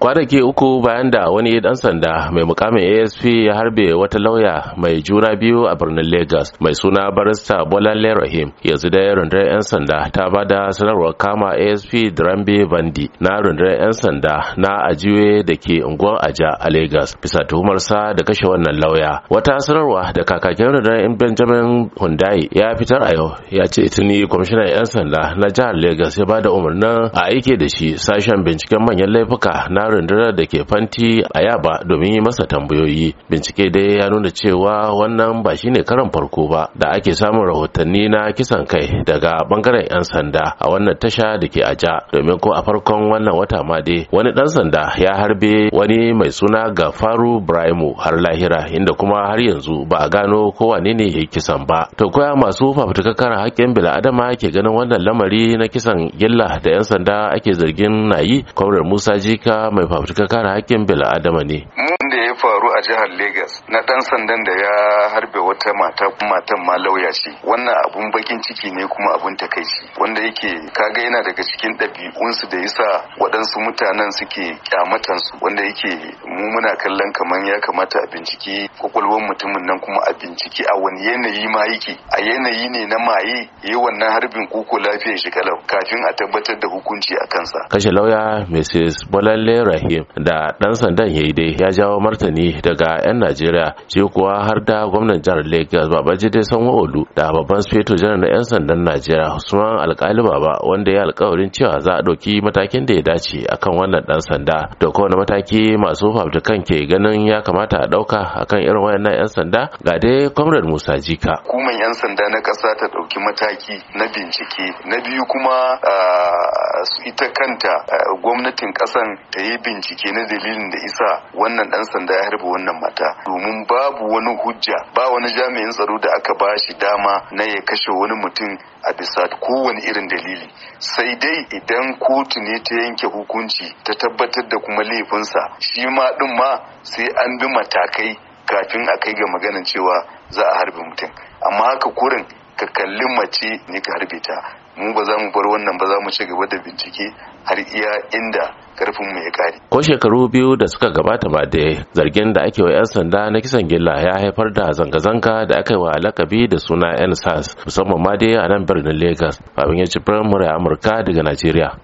kwanaki uku bayan da wani dan sanda mai mukamin asp ya harbe wata lauya mai juna biyu a birnin lagos mai suna barista bolan rahim yanzu da ya rundunar yan sanda ta ba da sanarwar kama asp drambe bandi na rundunar yan sanda na ajiwe da ke unguwar aja a lagos bisa sa da kashe wannan lauya wata sanarwa da kakakin rundunar benjamin hundai ya fitar a yau ya ce tuni kwamishinan yan sanda na jihar lagos ya ba da umarnin a aike da shi sashen binciken manyan laifuka na rundunar da ke fanti a yaba domin yi masa tambayoyi bincike dai ya nuna cewa wannan ba shine karan farko ba da ake samun rahotanni na kisan kai daga bangaren 'yan sanda a wannan tasha da ke aja domin ko a farkon wannan wata ma dai wani dan sanda ya harbe wani mai suna gafaru braimo har lahira inda kuma har yanzu ba a gano ko wane ne ya kisan ba to koya masu fafutukar haƙƙin bil'adama ke ganin wannan lamari na kisan gilla da 'yan sanda ake zargin na yi kwamrar musa jika mai mai fafutuka kare haƙƙin bil'adama ne a jihar Legas na ɗan sandan da ya harbe wata mata matan ma lauya ce wannan abun bakin ciki ne kuma abun takaici wanda yake kaga yana daga cikin ɗabi'unsu da yasa waɗansu mutanen suke kyamatansu wanda yake mu muna kallon kamar ya kamata a binciki kwakwalwar mutumin nan kuma a binciki a wani yanayi ma yake a yanayi ne na maye yi wannan harbin koko lafiyar shi kalau kafin a tabbatar da hukunci a kansa kashe lauya mrs bolalle rahim da ɗan sandan ya yi dai ya jawo martani da daga 'yan najeriya shi kuwa har da gwamnan jihar lagos babajide sanwo-olu da babban feto janar na 'yan sandan najeriya usman alkali baba wanda ya alkawarin cewa za a ɗauki matakin da ya dace akan wannan ɗan sanda da kowane mataki masu fafutukan ke ganin ya kamata a ɗauka akan irin wayannan 'yan sanda ga dai comrade musa jika hukumar 'yan sanda na ƙasa ta ɗauki mataki na bincike na biyu kuma ah, ita kanta gwamnatin kasan ta yi bincike na dalilin da isa wannan dan sanda ya harba wannan mata domin babu wani hujja ba wani jami'in tsaro da aka ba shi dama na ya kashe wani mutum a bisa kowane irin dalili sai dai idan kotu ne ta yanke hukunci ta tabbatar da kuma laifinsa shi ma din ma sai an bi matakai kafin a kai ga maganin cewa za a harbe mutum amma haka kurin ka kalli mace ne ka harbe ta mu ba za mu bar wannan ba za mu ci gaba da bincike har iya inda karfin mu ya kare ko shekaru biyu da suka gabata ba da zargin da ake wa 'yan sanda na kisan gilla ya haifar da zanga-zanga da aka yi wa lakabi da suna 'yan sas musamman ma dai a nan birnin lagos abin ya ci firamare amurka daga najeriya